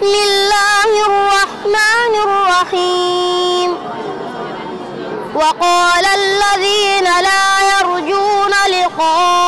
بسم الله الرحمن الرحيم وقال الذين لا يرجون لقاء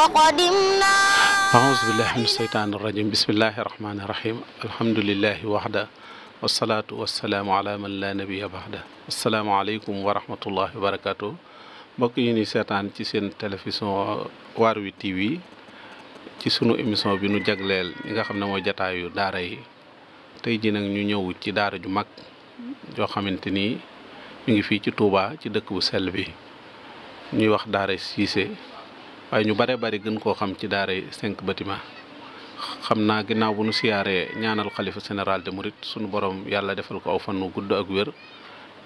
aousubillah min asheytaan irajim bismillahi irahmani irahim alhamdulilahi waxda wasalaatu wasalaamu ala man la nabiya baxda asalaamualeykum wa rahmatullahi wa barakatuh mbokk yi ni seetaan ci seen télévision waar wi tv ci sunu émission bi nu jagleel ñi nga xam ne mooy jataayu daara yi tey ji nag ñu ñëw ci daara ju mag joo xamante ni ñu ngi fii ci Touba ci dëkk bu sell bi ñuy wax daara Cissé waaye ñu bare bari gën koo xam ci daara yi cinq xam naa ginnaaw bu nu siyaaree ñaanal xalifa général de Mouride sunu borom yàlla defal ko aw fan wu gudd ak wér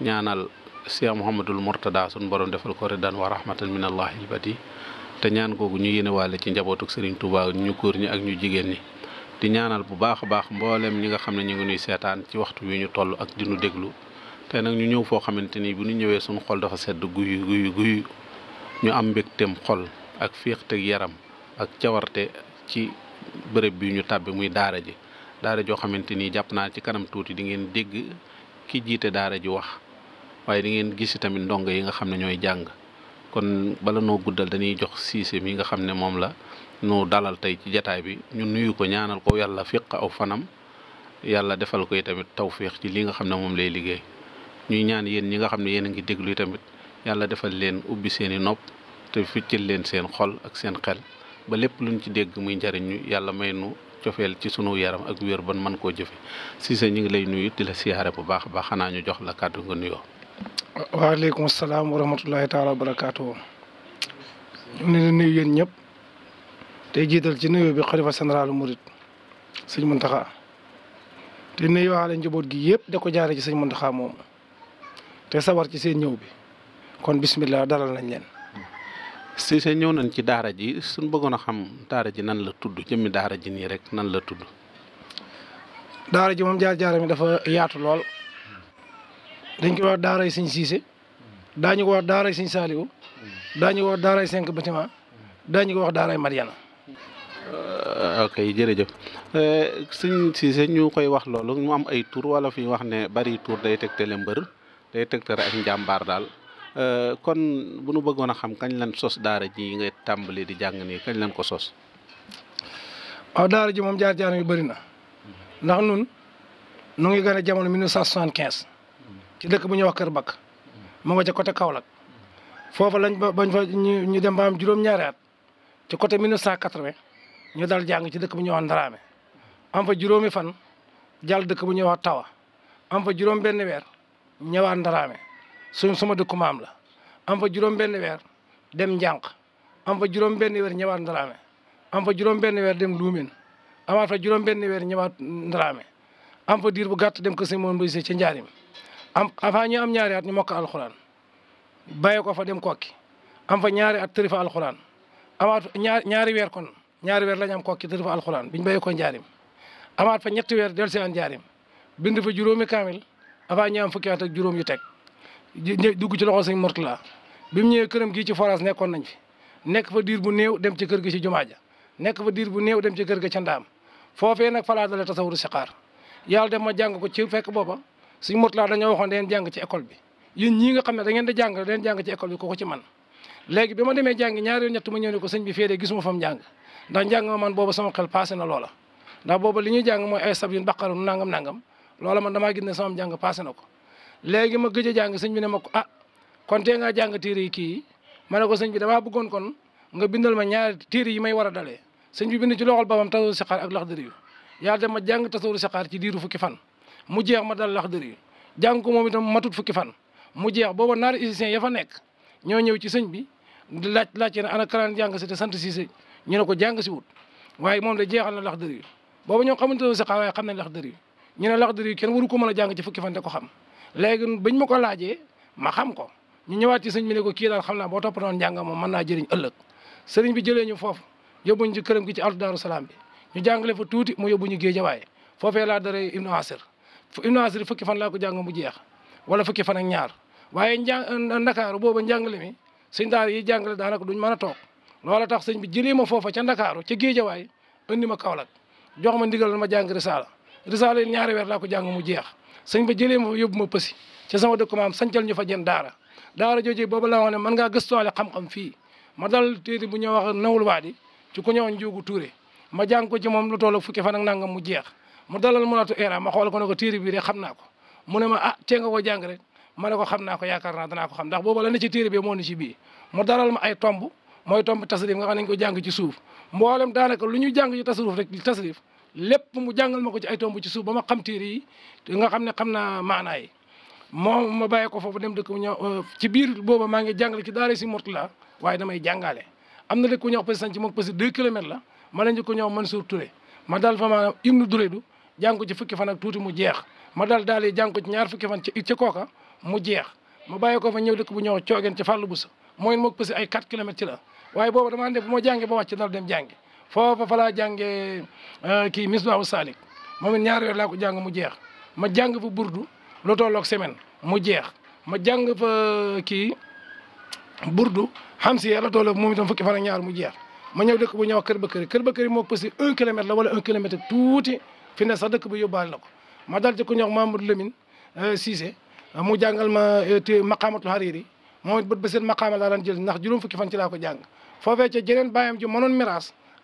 ñaanal Cheikh Mouhamadul Mourtada sunu borom defal ko ridan wa rahmatan min allahi albati te ñaan googu ñu yéenewaale ci njabootuk Serigne Touba ñu góor ñi ak ñu jigéen ñi. di ñaanal bu baax a baax mbooleem ñi nga xam ne ñu ngi nuy seetaan ci waxtu wi ñu toll ak di nu déglu te nag ñu ñëw foo xamante ni bu ñu ñëwee suñu xol dafa sedd guyu guyu guyu ñu am mbégteem xol. ak teg yaram ak cawarte ci bërëb bi ñu tàbbi muy daara ji daara joo xamante ni jàpp naa ci kanam tuuti di ngeen dégg ki jiite daara ji wax waaye di ngeen gis tamit ndongo yi nga xam ne ñooy jàng kon bala noo guddal dañuy jox siise yi nga xam ne moom la nu dalal tey ci jataay bi ñu nuyu ko ñaanal ko yàlla fiq aw fanam yàlla defal ko tamit tawféex ci li nga xam ne moom lay liggéey ñuy ñaan yéen ñi nga xam ne yéen a ngi déglu tamit yàlla defal leen ubbi seeni nopp te ficcal leen seen xol ak seen xel ba lépp luñ ci dégg muy njariñ yàlla may nu cofeel ci sunu yaram ak wéer ban man koo jëfe Cissé ñu ngi lay nuyu di la siyaare bu baax a baax xanaa ñu jox la kàddu nga nuyoo. waaleykum salaam wa rahmatullahi taala wa barakaatu. ñu ngi leen nuyu yéen ñëpp tey jiital ci nuyoo bi xalifa général murit sëñ Muntaxa te nuyu waxaale njaboot gi yëpp de ko jaare ci sëñ Muntaxa moom te sawar ci seen ñëw bi kon bismillah dalal nañ leen. Cissé ñëw nañ ci daara ji suñ bëggoon a xam daara ji nan la tudd jëmmi daara ji nii rek nan la tudd. daara ji moom jaar-jaara mi dafa yaatu lool dañ ko wax daaray sëñ Cissé daañu ko wax daaray sëñ Saliou daañu ko wax daaray cinq daañu ko wax daaray Mariana. Euh, ok jërëjëf euh, sëñ Cissé ñu koy wax loolu mu am ay tur wala fi wax ne bari tur day le mbër day tegtale ak njàmbaar daal. Euh, kon bu nu bëggoon a xam kañ lan sos daar ji nga tàmbali di jàng nii kañ lan ko sos. waaw daara ji moom jaar jaar yu bëri na ndax nun nu ngi gën a jamono 1975 ci dëkk bu ñuy wax Kër Bakk mu nga ca côté Kaolack foofa lañ ba bañ ñu dem ba am juróom-ñaari at ci côté 1980 ñu daal jàng ci dëkk bu ñuy wax Ndaraame am fa juróomi fan jàll dëkk bu ñuy wax Tawa am fa juróom benn weer ñëwaat Ndaraame. suñ sama dëkku maam la am fa juróom-benn weer dem njànq am fa juróom-benn weer ñëwaat ndaraame am fa juróom-benn weer dem luumin amaat weer ñëwaat ndaraame am fa diir bu gàtt dem ko sëñ moom Mbaye Cissé ca njaarim am avant ñu am ñaari at ñu mokk alxuraan bàyyi ko fa dem kokki am fa ñaari at tëri fa alxuraan amaat ñaari weer kon ñaari weer lañ am kokki tëri fa alxuraan biñ bàyyi njaarim amaat fa ñetti weer dellu si waan njaarim bind fa juróomi kaamil avant ñu am fukki at juróom dugg ci loxo sëñ Mourtala bi mu ñëwee këram gii ci forage nekkoon nañ fi nekk fa diir bu néew dem ci kër gi ci jumaa nekk fa diir bu néew dem ci kër ga ca ndaam foofee nag falaa dale tasawuru sixaar yàlla dem ma jàng ko ci fekk booba sëñ Mourtala dañoo waxoon da ngeen jàng ci école bi yéen ñii nga xam ne da ngeen di jàng da ngeen jàng ci école bi kooku ci man léegi bi ma demee jàng ñaari ñett ma ñëw ne ko sëñ bi féedee gisuma gis jàng ndax njàng ma man booba sama passé na loola ndax booba li ñuy jàng mooy ay sab yun nangam nangam loola man damaa gis ne sama jàng passé na ko léegi ma gëj a jàng sëñ bi ne ma ko ah kon tee ngaa jàng téere yi kii yi ma ne ko sëñ bi damaa bëggoon kon nga bindal ma ñaar téere yi may war a dalee sëñ bi bind ci loxol boppam tasawur sixaar ak laxdari yu yàlla dem ma jàng tasawur sixaar ci diiru fukki fan mu jeex ma dal laxdari yu jàng ko moom itam matut fukki fan mu jeex booba naari étudiants ya fa nekk ñoo ñëw ci sëñ bi laaj laajte ne ana karaan jàng si te sant si sëñ ñu ne ko jàng si wut waaye moom de jeexal na laxdari yu booba ñoo xamante tasawur sixaar waaye xam nañ laxdari yu ñu ne laxdari kenn waru ko mën a jàng ci fukki fan ko xam léegi bañ ma ko laajee ma xam ko ñu ñëwaat ci sëñ bi ne ko kii daal xam naa boo toppatoon njàng moom mën jëriñ ëllëg sëriñ bi jëlee ñu foofu yóbbuñ ci këram gi ci altu daaru bi ñu jàngale fa tuuti mu yóbbu ñu géejawaay foofee laa daree ibnu asir ibnu asir fukki fan laa ko jàng mu jeex wala fukki fan ak ñaar waaye nja euh, ndakaaru booba njàngale mi sëñ daara yi jàngale daanaka duñ mën a toog loola tax sëñ bi jëlee ma foofa ca ndakaaru ca géejawaay indi ma Kaolack jox ma ndigal ma jàng risaala risaala yi ñaari weer laa ko jàng mu jeex sëñ ba jëlee ma yóbbu ma pësi ci sama dëkk maam sancal ñu fa jën daara daara jooju boobu laa wax ne man ngaa gëstuwaale xam-xam fii ma dal téere bu ñuy wax nawul waadi ci ku ñëwoon Njuugu Tuure ma jàng ko ci moom lu toll fukki fan ak nangam mu jeex mu dalal mu laatu era ma xool ko ne ko téere bi de xam naa ko mu ne ma ah tee nga ko jàng rek ma ne ko xam naa ko yaakaar naa danaa ko xam ndax boobu la ne ci téere bi moo ne ci bii mu dalal ma ay tomb mooy tomb tasrif nga xam nañ ko jàng ci suuf mboolem daanaka lu ñu jàng ci tasrif rek tasrif lépp mu jàngal ma ko ci ay tomb ci suuf ba ma xam téere yi nga xam ne xam na maanaa yi moom ma bàyyi ko foofu dem dëkk ñëw euh, ci biir booba maa ngi jàngale ci daara si Mourtala waaye damay jàngale am na dëkk ku ñuy wax Passy Sanc moom Passy 2 la ma leen di ko ñëw Mansour Touré ma daal fa maanaam Ibnu Durédu jàng ko ci fukki fan ak tuuti mu jeex ma daal daal di jàng ko ñaar fukki fan ci ca kooka mu jeex ma bàyyi ko fa ñëw dëkk bu ñëw coogeen ci fàllu bu sa mooy moog Passy ay 4 kilomètres ci foofa fa laa jàngee euh, kii misbaahu saalik moom it ñaari weer laa ko jàng mu jeex ma jàng fa burdu lu tolloog semaine mu jeex ma jàng fa euh, kii burdu xam si yàlla tolloog moom itam fukki fan ñaar mu jeex ma ñëw dëkk bu ñëw kër ba kër kër ba kër moo posé un kilomètre la wala un kilomètre tuuti fi ne sax dëkk bi yóbbaale ko ma dal ci ku ñuy wax Mamadou Lamine euh, mu jàngal ma te maqaamatul hariri moom it bët ba seen maqaama laa jël ndax juróom fukki fan ci laa ko jàng foofee ca jeneen bàyyam ji mënoon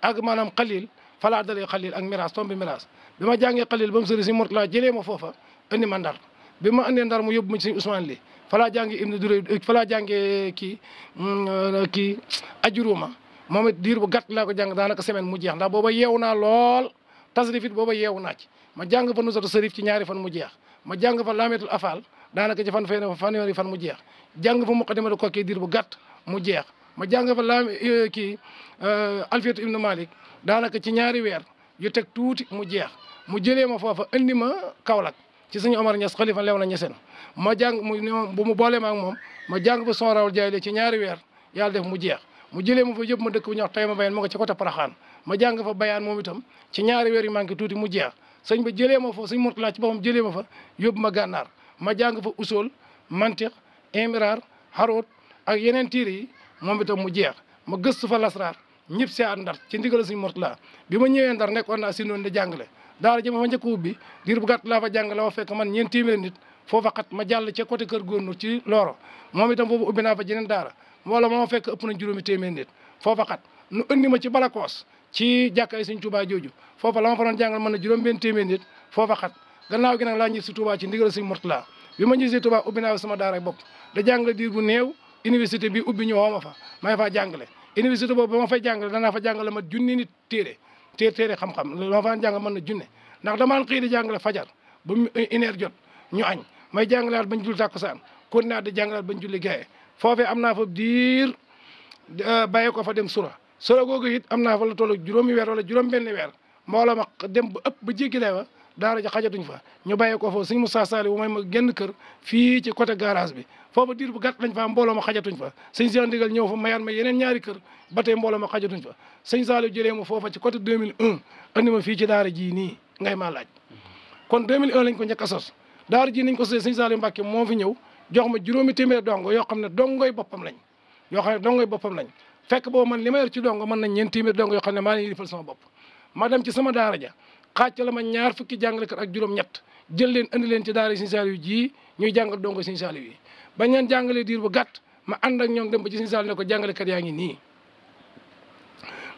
ak maanaam xalil falaa dalee xalil ak miraas tombi miraas bi ma jàngee xalil ba mu sëri si Mourtala jëlee ma foofa indi ma ndar bi ma indee ndar mu yóbbu ma si Ousmane li falaa jàngee ibnu Durey euh, falaa jàngee euh, kii mm, euh, kii ajuruma moom it diir bu gàtt laa ko jàng daanaka semaine mu jeex ndax booba yeewu naa lool tasrif it booba yeewu naa ci ma jàng fa nusatu sërif ci ñaari fan mu jeex ma jàng fa laametul afal daanaka ci fan fanweeri fan mu jeex jàng fa muqaddimatul kokki diir bu gàtt mu jeex ma jàng fa laam eh, kii eh, Alfiyatu ibnu Malik daanaka ci ñaari weer yu teg tuuti mu jeex mu jëlee ma foofa indi ma Kaolack ci suñu Omar Niass xalifa lew na ñeseen ma jàng mu bu mu boole ak moom ma jàng fa son rawal jaay ci ñaari weer yàlla def mu jeex mu jëlee ma fa yëpp ma dëkk bu ñuy wax Taïba Bayaan ma ko ci côté ma jàng fa bayaan moom itam ci ñaari yu manqué tuuti mu jeex sëñ ba jëlee ma fa sëñ Murtala ci boppam jëlee ma fa yóbbu ma gànnaar ma jàng fa usool mantiq imraar xaroot ak yeneen tiir yi moom itam mu jeex ma gëstu fa lasraar ñëpp si ndar ci ndigal suñu Murtala bi ma ñëwee ndar nekkoon naa si noon di jàngale daara ji ma fa njëkk ubbi diir bu gàtt laa fa jàngale ma fekk man ñeen téeméeri nit foofa xat ma jàll ca côté kër góornóor ci looro moom itam foofu ubbi naa fa jeneen daara wala moo fekk ëpp na juróomi téeméeri nit foofa xat nu indi ma ci balakoos ci jàkkaay suñ Tuubaa jooju foofa la ma fa doon jàngal mën na juróom benn téeméeri nit foofa xat gannaaw gi nag laa njëkk si Tuubaa ci ndigal suñu bi ma njëkk si Tuubaa ubbi naa sama daara bopp da jàngale diir université bi ubbi ñëwoo ma fa may faa jàngale université boobu ba ma fay jàngale danaa fa jàngale ma junni nit téere téere téere xam-xam loolu ma faan jàngal mën na junne ndax damaan xëy di jàngale fajar ba euh, une jot ñu añ may jàngalaat bañ jul tàkkusaan kon naa di jàngalaat bañ julli gaye foofee am naa fa diir euh, bàyyi ko fa dem sura sura googu it am naa fa la juróom juróomi weer wala juróom benn weer mbooloo ma dem ba ëpp ba jéggi wa daara ja xajatuñ fa ñu bàyyee ko foofu mu Moussa Saliou mooy ma génn kër fii ci côté garage bi foofu diir bu gàtt lañ fa mbooloo ma xajatuñ fa sëñ Cheikh Ndigal ñëw fa mayaan ma yeneen ñaari kër ba tey mbooloo ma xajatuñ fa sëñ Saliou jëlee ma foofa ci côté 2001 andi ma fii ci daara jii nii ngay maa laaj kon 2001 lañ ko njëkk a sos daara jii niñ ko sosee sëñ Saliou Mbacke moo fi ñëw jox ma juróomi téeméer dongo yoo xam ne dongoy boppam lañ yoo xam ne dongoy boppam lañ fekk boobu man li ma ci dongo mën nañ ñeen téeméer dongo yoo xam ne maa leen yilifal sama bopp ma dem ci ja xaaj la ma ñaar fukki jàngalekat ak juróom-ñett jël leen andi leen ci daara Serigne Saliou ji ñuy jàngal dongo Serigne Saliou yi bañ leen jàngalee diir bu gàtt ma ànd ak ñoom dem ba ci Serigne Saliou ne ko jàngalekat yaa ngi nii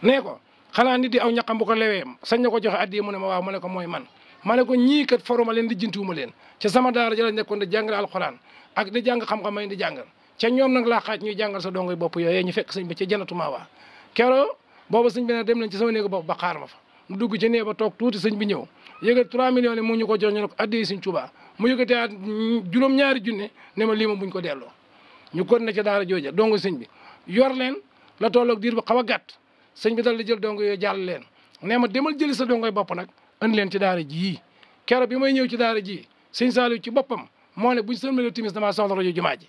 nee ko xanaa ni di aw xam bu ko lewee sañ na ko joxe addiya mu ne ma waaw ma ne ko mooy man ma ne ko ñii kat foruma leen di jintuwuma leen ca sama daara la nekkoon di jàngale alxuraan ak di jàng xam-xam may di jàngal ca ñoom nag laa xaaj ñuy jàngal sa dongoy bopp yooyu ñu fekk sëñ bi ci janatuma maa waa keroog boobu sëñ bi ne dem leen ci sama néegu bopp ba xaar ma mu dugg ci nee ba toog tuuti sëñ bi ñëw yëgal 3 millions yi mu ñu ko jox ñu ne ko addee sëñ Tuubaa mu yëgatee juróom-ñaari junne ne ma lii ma buñ ko delloo ñu ko na ca daara jooja dong sëñ bi yor leen la tolloog diir ba xaw a gàtt sëñ bi dal di jël dong yooyu jàll leen nee ma demal jëli sa dongoy bopp nag andi leen ci daara ji keroog bi may ñëw ci daara ji sëñ Saliou ci boppam moo ne buñ sëlmalee timis damaa soxla rajo jumaa ji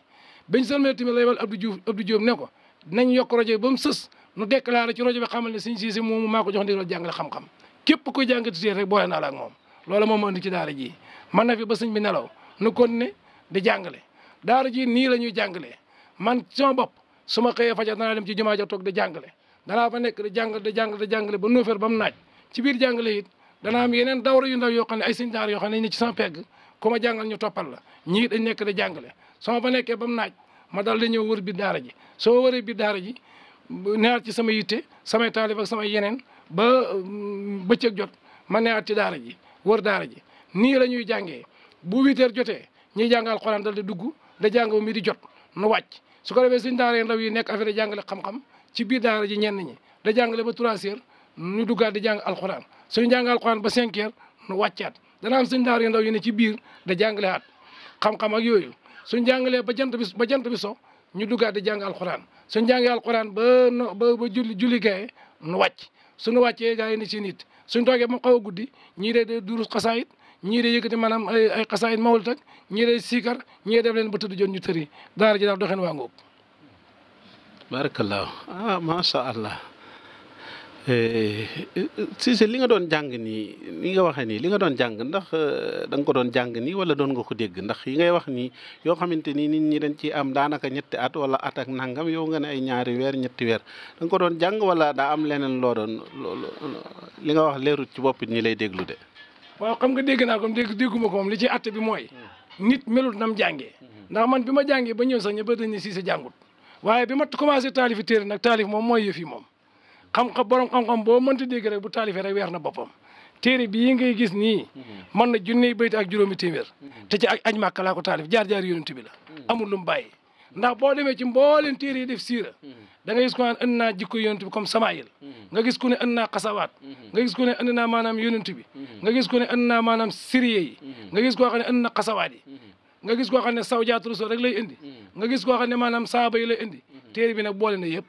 biñ sëlmalee timis la yebal Abdou Diouf Abdou Diouf ne ko nañ yokk rajo ba mu sës nu déclaré ci rajo bi xamal ne sëñ Cissé moomu maa ko jox ndigal jàngale xam-xam képp koy jàngati séeréer rek boole naa la ak moom loolu moom ma indi ci daara ji man na fi ba sëñ bi nelaw nu kon ne di jàngale daara ji nii la ñuy jàngalee man sama bopp su ma xëyee fajar danaa dem ci jumaa ja toog di jàngale danaa fa nekk di jàngal di jàngal di jàngale ba neuf heures ba mu naaj ci biir jàngale it danaa am yeneen dawra yu ndaw yoo xam ne ay sëñ daara yoo xam ne ne ci sama pegg ku ma ñu toppal la ñii dañ nekk jàngale soo fa nekkee ba mu naaj ma dal di ñëw wër bi daara ji soo wëree bi daara ji neexaat ci sama yitte samay taalib ak samay yeneen ba mm, bëcëg jot ma neexaat ci daara ji wër daara ji nii la ñuy jàngee bu huit jotee ñuy jàngal alxuraan dal dugg da jàng ba mi di jot nu wàcc su ko defee suñ daara ndaw yi nekk affaire da jàngale ci biir daara ji ñenn ñi da jàngale ba trois heures ñu duggaat di jàng alxuraan suñu jàng alxuraan ba cinq nu wàccaat dana am suñ daara ndaw yi ne ci biir da jàngaleaat xam-xam ak yooyu suñ jàngalee ba jant bi ba jant bi so ñu duggaat di jàng alxuraan suñ jàngee alquran ba ba ba julli julli gaye nu wàcc nu wàccee gaa yi ni si nit suñ toogee mu kaw a guddi ñii de durus xasaayit ñii de yëkkati maanaam ay ay xasaayit mawul tak ñii de siikar ñii def leen ba tëdd joon ñu tëri daara ji daal doxeen waa ngoog barakallah ah macha allah Eh, eh, Cissé li nga doon jàng nii li nga waxee nii li nga doon jàng ndax eh, da nga ko doon jàng nii wala doon nga ko dégg ndax yi ngay wax nii yoo xamante ni nit ñi dañ ci am daanaka ñetti at wala at ak nangam yow nga ne ay ñaari weer ñetti weer da ko doon jàng wala daa am leneen loo doon li nga wax leerut ci boppit ñi lay déglu de. waaw xam nga dégg naa ko dégg dégguma ko moom li ci àtte bi mooy. nit melut nam jànge ndax man bi ma jàngee ba ñëw sax ñëpp dañ ne Cissé jàngut bi ma commencé taalif téere nag taalif moom mooy moom. xam-xam borom xam boo mënta dégg rek bu taalifee rek weer na boppam téere bii ngay gis nii mhm. mën na junne bayt ak juróomi téeméer mhm. te ci ak aj màkk laa ko taalif jaar-jaar yonent bi la mhm. amul lu mu bàyyi ndax boo demee ci mbooleen téere yi def siira da nga gis ko naan indi naa jikko yonent bi comme samaayil nga gis ku ne indi naa xasawaat nga gis ku ne indi naa maanaam yonent bi nga gis ku ne indi naa maanaam nga gis koo xam ne indi na xasawaat yi nga gis koo xam ne sawjaatu rusul rek lay indi nga gis koo xam ne maanaam saaba yi lay indi téere bi nag boole na yëpp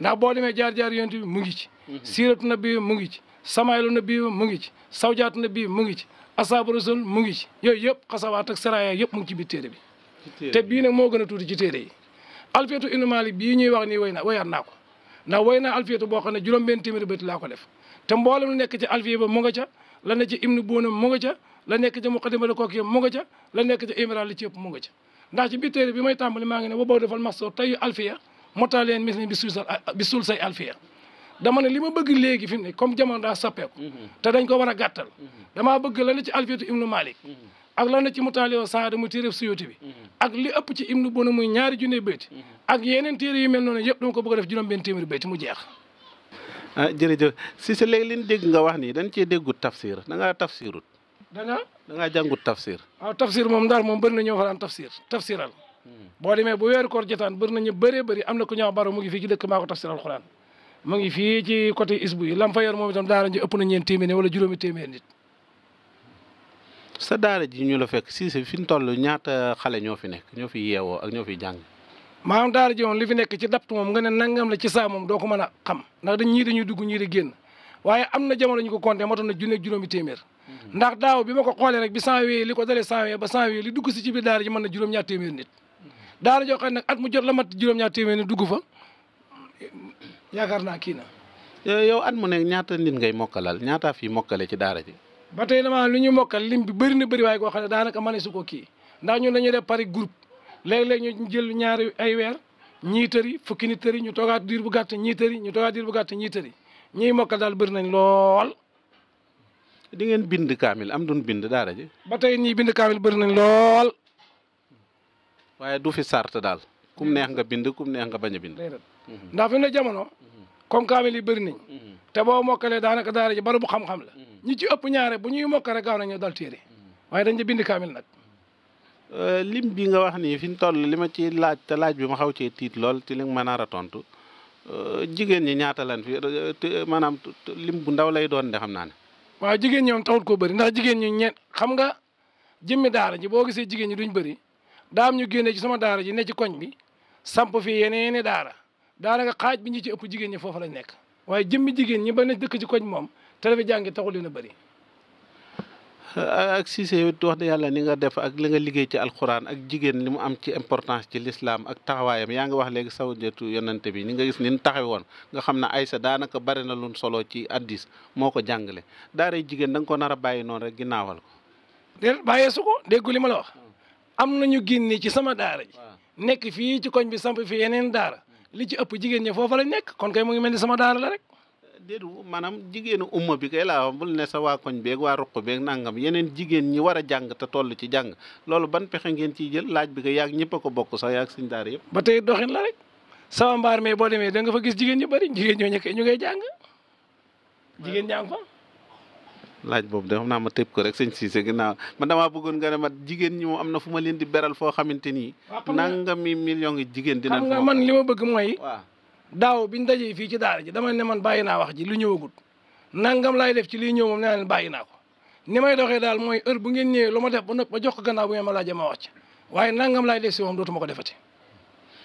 ndax boo demee jaar-jaar yonent bi mu ngi ci mhm. siiratu na bi mu ngi ci samaylu na bi mu ngi ci sawjaatu na bi mu ngi ci asaabu rasul mu ngi ci yooyu yëpp xasawaat ak saraya yëpp mu ngi ci biir téere bi te bii nag moo gën a tuuti ci téere yi alfiyatu ibnu maalik bii ñuy wax nii way na wayaat naa ko ndax way naa alfiyatu boo xam ne juróom benn téeméeri bët laa ko def te mboolem nekk ci alfiya ba mu nga ca la ne ci ibnu boonam mu nga ca la nekk ca muqaddimatu kooki mu nga ca la nekk ca imran li ci yëpp mu nga ca ndax ci biir téere bi may tàmbali maa ngi ne wa boo defal maxsoo tey alfiya motaleen misli bi sul bi sul say alfiya dama ne li ma bëgg léegi fi mu ne comme jamono daa soppeeku te dañ ko war a gàttal damaa bëgg la na ci alfiyatu ibnu malik ak la na ci motaal mutaalio saada mu téere suyuti bi ak li ëpp ci ibnu bono muy ñaari junne bayti ak yeneen téere yu mel noonu yëpp dama ko bëgg a def juróom benn téeméeri bayti mu jeex ah jërëjëf si si léegi liñ dégg nga wax ni dañ cee déggut tafsir da ngaa tafsirut da ngaa da ngaa jàngut tafsir waaw tafsir moom ndaar moom bëri na ñoo fa daan tafsir tafsiral boo demee ba weeru ko jotaan bëri nañu bëree bëri am na ku ñaaw baro mu ngi fii ci dëkk maa ko tafsir alxuraan mu ngi fii ci côté isbu yi lam moom itam daara ji ëpp na ñeen téeméer wala juróomi téeméer nit sa daara ji ñu la fekk si fi ñu toll ñaata xale ñoo fi nekk ñoo fi yeewoo ak ñoo fi jàng maanaam daara ji nekk ci dapt moom nga ne nangam la ci saa moom doo ko mën a xam ndax dañ ñii dañuy dugg ñii di génn waaye am na jamono ñu ko compté matoon na junneeg juróomi téeméer mhm. ndax daaw bi ma ko xoolee rek bi cent wee li ko dalee cent wee ba cent wee li dugg si ci biir daara ji mën na juróom nit daara joo xam nag at mu jot la mat juróom-ñaar téeméer ni dugg fa yaakaar naa kii na. Eh, yow at mu ne ñaata nit ngay mokkalal ñaataa fii mokkale ci daara ji. ba tey damaa lu ñu mokkal lim bi bëri na bëri waaye goo xam ne daanaka mane su ko kii ndax ñun dañuy def pari groupe léeg-léeg ñu jël ñaari ay weer ñii tëri fukki nit tëri ñu toogaat diir bu gàtt ñii tëri ñu toogaat diir bu gàtt ñii tëri ñiy mokkal daal bëri nañ lool. di ngeen bind kaamil am doon bind daara ji. ba tey ñii bind kaamil bëri nañ lool. waaye du fi sart daal kum neex nga bind kum neex nga bañ a bind. ndax fi mu ne jamono. Mm-hmm. comme kaamil yi bëri nañ. Mm-hmm. te boo mokkalee daanaka daara ji bari bu xam-xam la. Mm-hmm. ñi ci ëpp ñaare bu ñuy mokk rek gaaw nañu dal téere waaye dañ ca bind kaamil nag. Euh, lim bi nga wax nii fi ñu toll li ma ci laaj te laaj bi ma xaw cee tiit lool ci li nga ma nar a euh, jigéen ñi ñaata lan fi maanaam lim bu ndaw lay doon de xam naa ne. waaw jigéen ñi moom taxul ko bëri ndax jigéen ñi ñeent xam nga jëmmi daara ñi boo gisee jigéen ñi duñ bëri. daa am ñu génne ci sama daara ji ne ci koñ bi samp fi yeneeni daara daanaka xaaj bi ñu ci ëpp jigéen ñi foofu lañ nekk waaye jëmmi jigéen ñi ba ne dëkk ci koñ moom te dafa jàngi taxul leen a bari ak Cissé wax dëgg yàlla ni nga def ak li nga liggéey ci alxuraan ak jigéen li mu am ci importance ci lislaam ak taxawaayam yaa ngi wax léegi sawjatu yonante bi ni nga gis ni mu taxawe woon nga xam ne Aysa daanaka bari na lu solo ci addis moo ko jàngale daaray jigéen da ko nar a bàyyi noonu rek ginnaawal ko. déet bàyyee su ko déggu li ma la wax. am na nañu génne ci sama daara ji nekk fii ci koñ bi samp fi yeneen daara li ci ëpp jigéen ñi foofu la nekk kon kay mu ngi mel ni sama daara la rek déedu maanaam jigéenu umma bi kay laa bul ne sa waa koñ beeg waa ruq beeg nangam yeneen jigéen ñi war a jàng te toll ci jàng loolu ban pexe ngeen ciy jël laaj bi ko yaag ñëpp ko bokk sax yaag siñ daara yëpp ba tey doxin la rek sama mbaar mee boo demee da nga fa gis jigéen ñu bëri jigéen ñoo ñu koy ñu ngay jàng jigéen ñaa ngi fa laaj boobu de xam naa ma tëb ko rek sëñ Cissé ginnaaw ma damaa bëggoon nga ne ma jigéen ñi moom am na fu ma leen di beral foo xamante ni. mi million yi jigéen dina. xam nga man li ma bëgg mooy. waaw daaw biñ dajee fii ci daara ji dama ne man bàyyi naa wax ji lu ñëwagul nangam laay def ci liy ñëw moom nee naa bàyyi naa ko ni may doxee daal mooy heure bu ngeen ñëwee lu ma def ba noppi ma jox ko gannaaw bu ngeen ma laajee ma wax ci waaye nangam laay def si moom dootuma ko defati.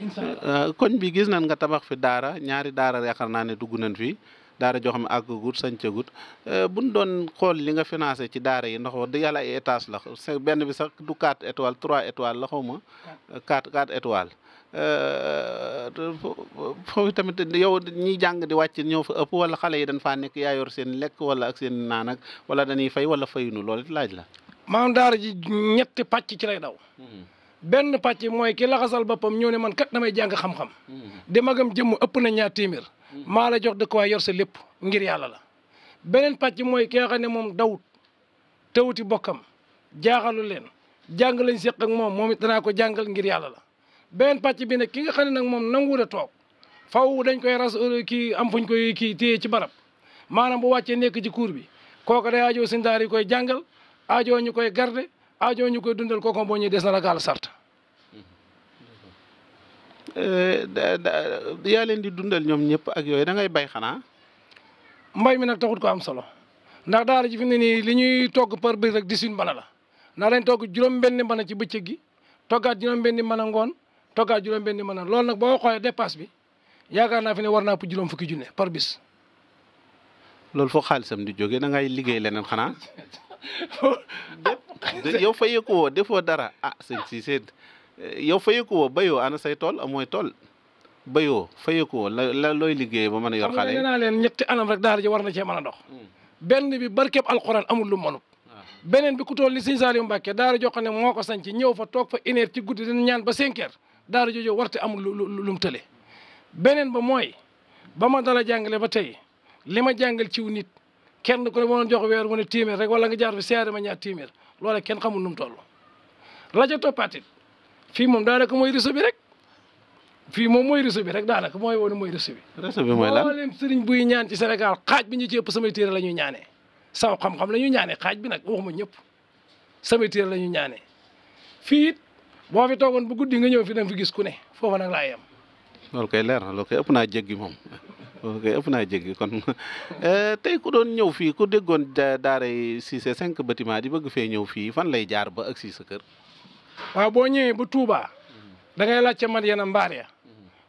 Euh, koñ bi gis nañ nga tabax fi daara ñaari daara yaakaar naa ne dugg nañ fi a joo xam ne àggagut sàncagut eh, buñ doon xool li nga financé ci daara yi ndax wax dëgg yàlla ay étage la benn bi sax du quatre étoiles trois étoiles la xaw ma quatre eh, quatre étoiles eh, foofu tamit yow ñiy jàng di wàcc ñëw fa ëpp wala xale yi dañ faa nekk yaa yor seen lekk wala ak seen naan ak wala dañuy fay wala fayunu loolu it laaj la maam daara ji ñetti pàcc ci lay daw hmm. benn pàcc mooy ki laxasal boppam ñëw ne man kat damay jàng xam-xam hmm. di magam jëmm ëpp na ñaat Mm-hmm. maa la jox dëkk waay yor sa lépp ngir yàlla la beneen pàcc mooy ki nga xam ne moom dawut tawuti bokkam jaaxalu leen jàng lañ séq ak moom moom it danaa ko jàngal ngir yàlla la beneen pàcc bi nag ki nga xam ne nag moom nanguwul a toog faw dañ koy ras euh, kii am fuñ koy kii téye ci barab maanaam bu wàccee nekk ci kuur bi kooku day aajoo seen daara koy jàngal aajoo ñu koy garde aajoo ñu koy dundal kooku boo ñuy des na la gaal sart Euh, yaa leen di dundal ñoom ñëpp ak yooyu da ngay bay xanaa. mbay mi nag taxut ko am solo ndax daara ji fi mu ne nii li ñuy togg par bés rek dix-huit mbana la ndax dañ togg juróom-benni mbana ci bëccëg gi toggaat juróom-benni mbana ngoon toggaat juróom-benni mbana lool nag boo xoolee dépasse bi yaakaar naa fi ne war naa pour juróom fukki junne par bis. loolu foo xaalisam di jógee da ngay liggéey leneen xanaa. yow fayeeku woo defoo dara ah sëñ si Eh, yow fayeku woo bayoo ana say tool amooy tool bayoo fayeku woo la la looy liggéey ba mën a yor xale yi naa leen ñetti anam rek daara ji war na cee mën a dox hmm. benn bi barkeb alquran amul lu mënut ah. beneen bi ku tool ni Sëñ Saliou Mbacke daara joo xam ne moo ko sanc ñëw fa toog fa une heure ci guddi dina ñaan ba cinq heures daara jooju warte amul lu lu mu tële beneen ba mooy ba ma dala jàngale ba tey li ma jàngal ciw nit kenn ku ne ma doon jox weer wu ne téeméer rek wala nga jaar fi ma ñaar téeméer loola kenn xamul nu mu fii moom daanaka mooy réseau bi rek fii moom mooy réseau bi rek daanaka mooy woon mooy réseau bi. réseau mooy lan mboolem sëriñ buy ñaan ci Sénégal xaaj bi ñu ci ëpp samay la ñuy ñaanee sama xam la ñuy ñaanee xaaj bi nag waxuma ñëpp samay téere la ñuy ñaanee fii it boo fi toogoon bu guddi nga ñëw fi da fi gis ku ne foofa nag laay yem. loolu koy leer na loolu koy ëpp naa jéggi moom loolu koy ëpp naa jéggi kon eh, tey ku doon ñëw fii ku déggoon daaray Cissé cinq bâtiment di bëgg fee ñëw fii fan lay jaar ba ak si sa kër. waaw boo ñëwee bu Touba da ngay laajte Madyana Mbaare ya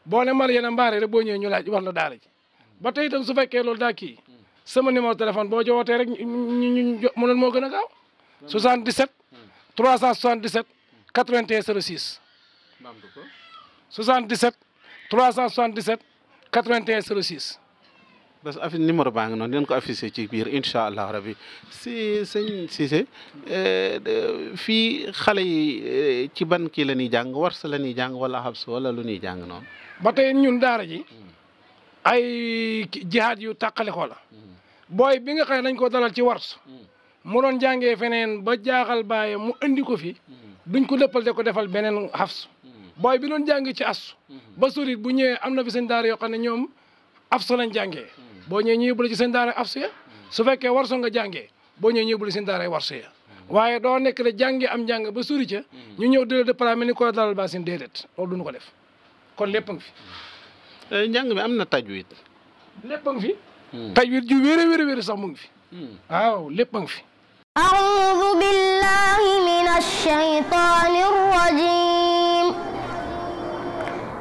boo ne Madyana Mbaare rek boo ñëwee ñu laaj wax la daara ji ba tey te su fekkee loolu daa kii sama numéro téléphone boo jowootee rek ñu ñu mënoon moo gën a gaaw 77 377 81 06 77 377 81 06 parce que numéro baa ngi noonu leen ko affiché ci biir incha allah rabi si sëñ Cissé eh, fii xale yi eh, ci ban kii la ñuy jàng warsa la ñuy jàng wala xabs wala lu ñuy jàng noonu. ba tey ñun daara ji. ay jihaad yu tàqale ko la. Hmm. booy bi nga xam ne dañ ko dalal ci wars. Hmm. mu doon jàngee feneen ba jaaxal baaye mu andi ko fi. Hmm. duñ ko dëppal de ko defal beneen xabs. booy bi noon jàng ci as. ba sori bu ñëwee am na fi seen daar yoo xam ne ñoom afsa lañ jànge boo ñëwee ñu yóbbu la ci ya su fekkee warso nga jàngee boo ñëwee ñu yóbbu la ci seen ya waaye doo nekk de jàngee am njàng ba suri ca ñu ñëw dëla de para mel ni ko dalal baa sin déedéet loolu duñu ko def kon lépp a ngi fi eh, mi am na tajwid lépp a fi hmm. tajwid ju wéer a wéer a wéer sax mu ngi fi hmm. waaw lépp a ngi fi أعوذ بالله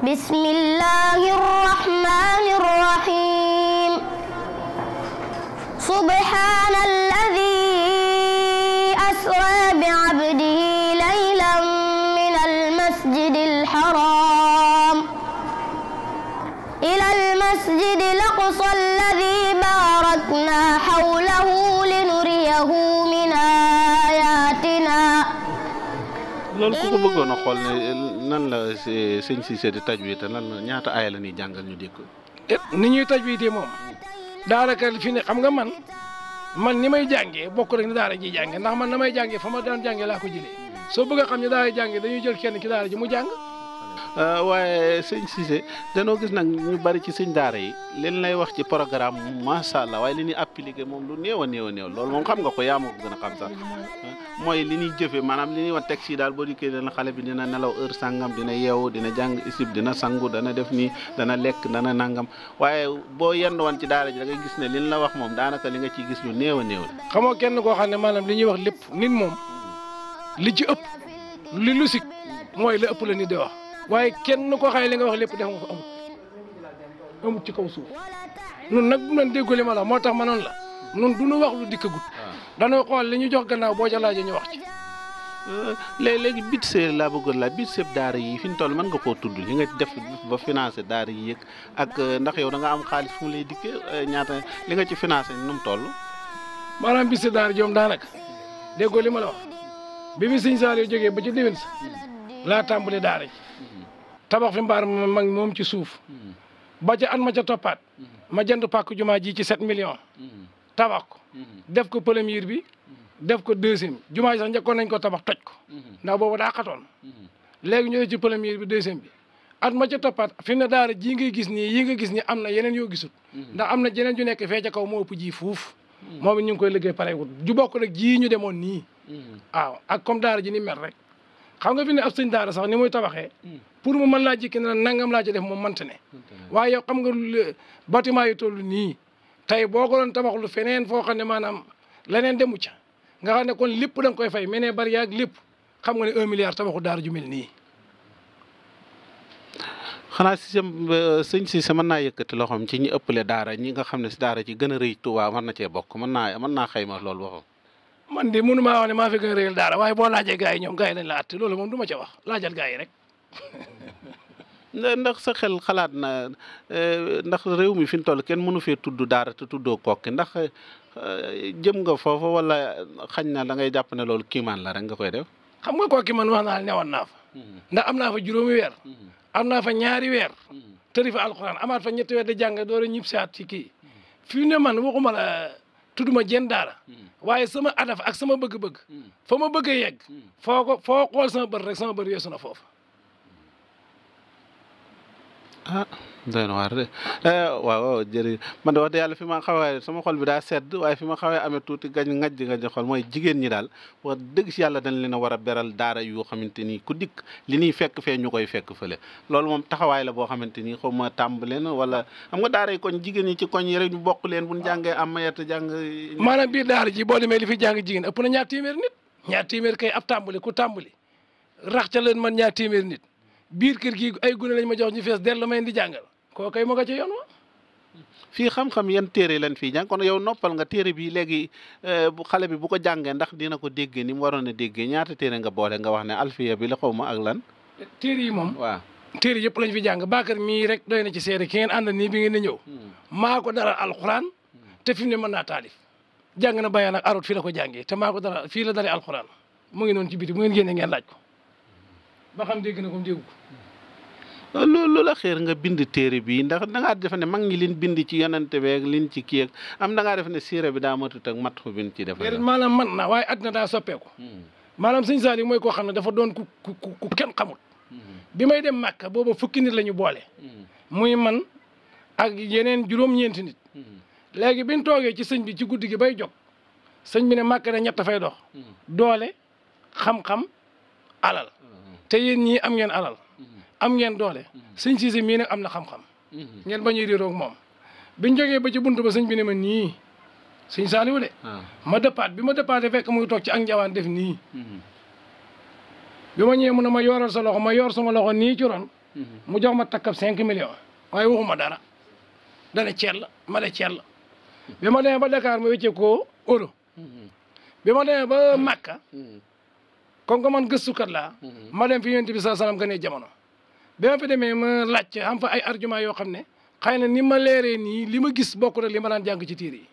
من سبحان الذي أسرى بعبده ليلا من المسجد الحرام إلى المسجد الأقصى الذي باركنا حوله لنريه من آياتنا loolu ku ko bëggoon a xool ne nan la sëñ Cissé di tajwid te nan ñaata aaya la ñuy jàngal ñu dégg ko. Eh, ni ñuy tajwid moom. daanaka fi ne xam nga man man ni may jàngee bokk rek ni daara ji jàngee ndax man na may jàngee fa ma daan jàngee laa ko jëlee soo bëgg a xam ne daara jàngee dañuy jël kenn ki daara ji mu jàng Euh, waaye sëñ Cissé danoo gis nag ñu bari ci sëñ daara yi leen lay wax ci programme macha allah waaye li ñuy appliqué moom lu néew a néew a loolu moom xam nga ko yaa ma ko a xam sax euh, mooy li ñuy jëfee maanaam li ñuy wax taxi daal boo dikkee dana xale bi dina nelaw heure sangam dina yeewu dina jàng isib dina sangu dana def nii dana lekk dana nangam waaye boo yenn woon ci daara ji ngay gis ne liñ la wax moom daanaka li nga ciy gis lu néew a néew la. xamoo koo xam ne maanaam li ñuy wax lépp moom li ci ëpp li lu sikk mooy la ëpp la nit di wax. waaye kenn nu ko ne li nga wax lépp def nga ko amut amut ci kaw suuf nun nag bu doon déggu li ma la moo tax ma noonu la nun du ñu wax lu dikkagut ah. danoo xool li ñu jox gannaaw boo ca laajee ñu wax ci. Euh, léegi léegi bit laa bëggoon laa bit seeb daara yi fi ñu toll mën nga koo tudd li nga def ba financé daara yi yëg ak euh, ndax yow da nga am xaalis fu mu lay dikkee euh, ñaata li nga ci financé nu mu toll. a bit see daara joom daanaka déggoo li ma la wax bi bi sëñ Saliou jógee ba ci laa tàmbali daara ji tabax fi mbaar mag moom ci suuf ba ca at ma ca toppaat ma jënd pàkk jumaa ji ci sept millions tabax ko def ko premier bi def ko deuxième jumaa ji sax njëkkoon nañ ko tabax toj ko ndax boobu daa xatoon léegi ñëwee ci premier bi deuxième bi at ma ca toppaat fi na daara jii ngay gis nii yi nga gis ni am na yeneen yoo gisul ndax am na jeneen ju nekk fee ca kaw moo ëpp ji fuuf moom it ñu ngi koy liggéey pareewut ju bokk rek jii ñu demoon nii mm-hmm. waaw ak comme daara ji ni rek xam nga fi ne ab sëñ daara sax ni mooy tabaxee hmm. pour mu mën laa jikki ne nangam laa ci def moom mënta ne waaye xam nga bâtiment yu toll nii tey boo ko doon lu feneen foo xam ne maanaam leneen demu ca nga xam ne kon lépp da koy fay menee bari yaag lépp xam nga un milliard tabaxu daara ju mel nii xanaa si sam sëñ si sa mën naa yëkkati loxoom ci ñi ëppale daara ñi nga xam ne si daara ci gën a rëy Tuubaa mën na cee bokk mën naa mën naa xayma loolu waxam man de mënu maa wax ne maa fi gën a réel daara waaye boo laajee gars yi ñoom gars la att loolu moom du ma ca wax laajal gars yi rek. ndax sa xel xalaat na eh, ndax réew mi fi mu toll kenn mënu fee tudd daara te tuddoo kokki ndax eh, jëm nga foofu wala xañ na da ngay jàpp ne loolu kiimaan la rek nga koy def. xam nga kokki man wax naa ne newoon naa fa. Hmm. ndax am naa fa juróomi weer. Hmm. am naa fa ñaari weer. Hmm. tëri fa alxuraan amaat fa ñetti weer di jàng door a ñib saat ci fi ne man waxuma la. tudduma jenn daara hmm. waaye sama adaf ak sama bëgg-bëgg hmm. fa ma bëgg a yegg hmm. foo ko foo xool sama bër rek sama bër yeesu na foofu ah doy na waar de eh, waaw man de yàlla fi ma xawee sama xol bi daa sedd waaye fi ma xawee amee tuuti gañ ngajj ngajj xol mooy jigéen ñi daal wax dëgg si yàlla dañ leen a war beral daara yoo xamante ni ku dikk li ñuy fekk fee ñu koy fekk fële loolu moom taxawaay la boo xamante ni xaw ma tàmbale na wala xam nga daara yi koñ jigéen ñi ci koñ yi rek ñu bokk leen bu ñu jàngee am mayet jàng maanaam biir daara ji boo fi jàng jigeen ëpp na ñaar téeméer ñaar téeméer kay ab tàmbali ku tàmbali rax ca leen man ñaar téeméer nit biir kër gi ay gune lañ ma jox ñu fees ma may di jàngal koo kay ma nga ca yoon wa. fii xam-xam yan téere leen fii jàng kon yow noppal nga téere bi léegi eh, bu xale bi bu ko jàngee ndax dina ko déggee ni mu waroon a déggee ñaata téere nga boole nga ne alfiya bi la xaw ma ak lan. téere yi moom waaw. téere yëpp lañ fi jàng Bakar mii rek doy na ci seede ki ngeen àndal nii bi ngeen di ñëw. Hmm. maa ko dara alxuraan hmm. te fi mu ne mën naa taalif jàng na bayaan ak arut fii la ko jàngee te maa ko dara fii la daree alxuraan mu ngi noon ci biti mu ngeen génne ngeen laaj ko ba xam dégg na ko dégg ko loolu la xeer nga bind téere bi ndax da ngaa defe ne mag ngi leen bind ci yonante beeg liñ ci kii ak am da ngaa defe ne siira bi daa matut ak mat xu bin ci def maanaam man naa waaye na daa soppeeku hmm. maanaam sëñ Saliou mooy koo xam ne dafa doon ku ku ku kenn xamul hmm. bi may dem Màkka booba fukki nit la ñu boole hmm. muy man ak yeneen juróom-ñeenti nit léegi bin toogee ci sëñ bi ci guddi gi bay jog sëñ bi ne Màkka da ñett fay dox doole xam-xam alal te yéen ñii am ngeen alal am ngeen doole mm-hmm. sëñ Cissé mii nag am na xam-xam mm-hmm. ngeen bañuy réeroog moom biñ jógee ba ci buntu ba sëñ bi ne ma nii sëñ Saliou de ah. ma dëppaat bi ma dëppaatee fekk muy toog ci ak njawaan def nii mm-hmm. bi ma ñëwee mu a ma yoral sa loxo ma yor sama loxo nii ci mu jox ma takkab cinq millions waaye waxuma dara dana ceel la ma ne ceel la bi ma demee ba dakaar ma wéccee ko euro bi ma demee ba Makka comme que man gëstukat laa ma dem fi yonent bi saa salaam gënee jamono bi ma fa demee ma laajte am fa ay argument yoo xam ne xëy na ni ma leeree nii li ma gis bokk na li ma daan jàng ci tiir yi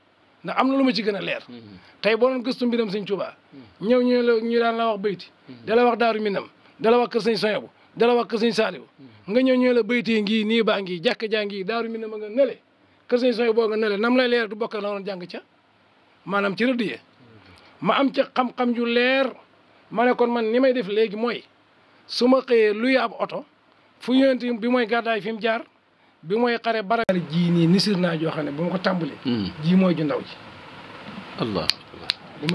ndax am na lu ma ci gën a leer mhm. tey boo doon gëstu mbiram sëñ Tuubaa mhm. ñëw ñu la ñu daan la wax bayti mhm. dala wax daaru minam dala wax kër sëñ Soyebu dala wax kër sëñ Saaliw nga ñëw ñu la bayti ngi nii baa ngi jàkk jaa ngi daaru minam nga nële kër sëñ boo nga nële nam lay leer du bokk la doon maanaam ci rëdd am ca xam ju leer ma ne man ni may def léegi mooy su ma xëyee luy ab oto fu yonent bi mooy gàddaay fi mu jaar bi mooy xare bara ji nii nisir naa joo xam ne ba ko tàmbalee hmm. jii mooy ju ndaw ji allah li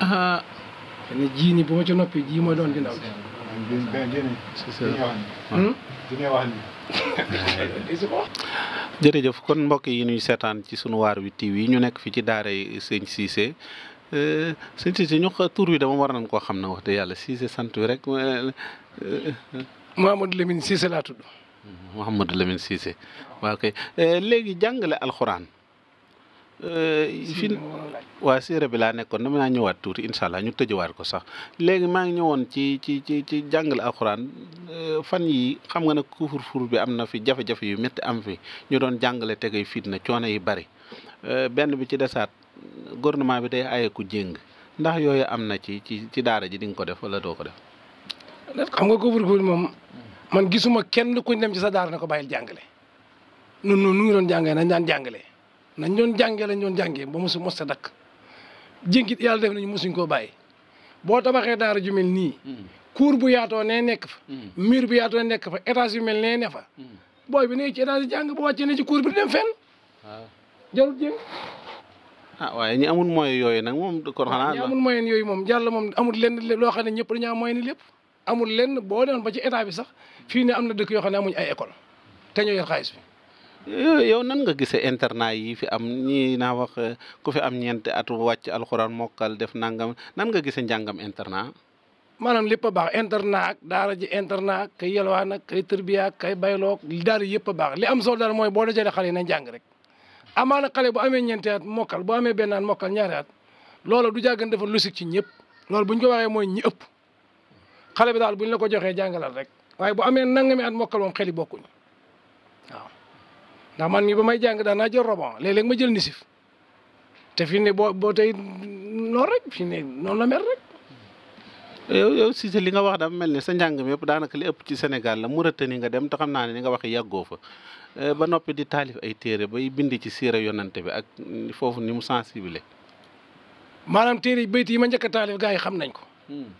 ah. ji ci noppi ji mooy doon ju ndaw ji hmm? Hmm? jërëjëf kon mbokk yi ñuy seetaan ci sunu waar wi TV ñu nekk fi ci daara Sëñ Cissé Euh, sëñ Cissé ñu tur bi dama war nañ koo xam ne wax dëgg yàlla Cissé sant wi rek. Euh, euh, Mouhamadou Lamine Cissé laa tudd. Mouhamadou Lamine Cissé waaw kay léegi jàngale alxuraan. fi waa siira bi laa nekkoon dama naa ñëwaat tuuti incha allah ñu tëjewaat ko sax léegi maa ngi ñëwoon ci ci ci ci jàngale alxuraan fan yi xam nga ne kufur bi am na fi jafe-jafe yu métti am fi ñu doon jàngale tegay fitna coono yi bari benn bi ci desaat. gouvernement bi day aye ku jéng ndax yooyu am na ci ci ci daara ji di nga ko def wala doo ko def. xam nga couvre-feu moom man gisuma kenn kuñ dem ci sa daara na ko bàyyil jàngale. nun noonu nu ngi doon jàngale nañ daan jàngale nañ doon jàngee lañ doon jàngee mosu mos a dakk jéngit yàlla def nañu mosuñ koo bàyyi boo tabaxee daara ju mel nii. Hmm. cour bu yaatoo nee nekk fa. Hmm. mur bu yaatoo nekk fa étage yu mel nee ne fa. Hmm. booy bi ne ci étage jàng bu wàccee ne ci cour bi dem fenn. waaw jarul ah waaye ñi amul moyen yooyu nag moom kon xanaa yooyu moom yàlla moom amul lenn loo xam ne ñëpp dañoo am moyen lépp amul leen boo demoon ba ci état bi sax fii ne am na dëkk yoo xam ne amuñ ay école te ñoo yor yow nan nga gisee internat yi fi am ñii naa wax eh, ku fi am ñeenti at wàcc alxuraan mokkal def nangam nan nga gisee njàngam internat maanaam lépp a baax internat ak daara ji internat ak kay yelwaan ak kay tërbiya ak kay bayloog daara yëpp a baax li am solo mooy boo dajale xale yi nañ jàng rek amaana kale bu amee ñeenti at mokkal bu amee benn at mokkal ñaari at loolu du jàggan lu lusik ci ñëpp loolu bu ñu ko waxee mooy ñi ëpp xale bi daal bu ñu la ko joxee jàngalal rek waaye bu amee nangami at mokkal moom xel yi bokkuñu ndax man mi ba may jàng daal naa jël roman ma jël nisif te fi ne boo boo tey noonu rek fi ne noonu rek yow yow Cissé li nga wax dafa mel ni sa njàng mi yëpp daanaka li ëpp ci Sénégal la Mauritanie nga dem te xam naa ne li nga wax yàggoo fa euh, ba noppi di taalif ay téere bay bind ci siira yonante bi ak foofu ni mu sensibiliser. maanaam téere yi bayt yi ma njëkk a taalif gars yi xam nañ ko. Hmm.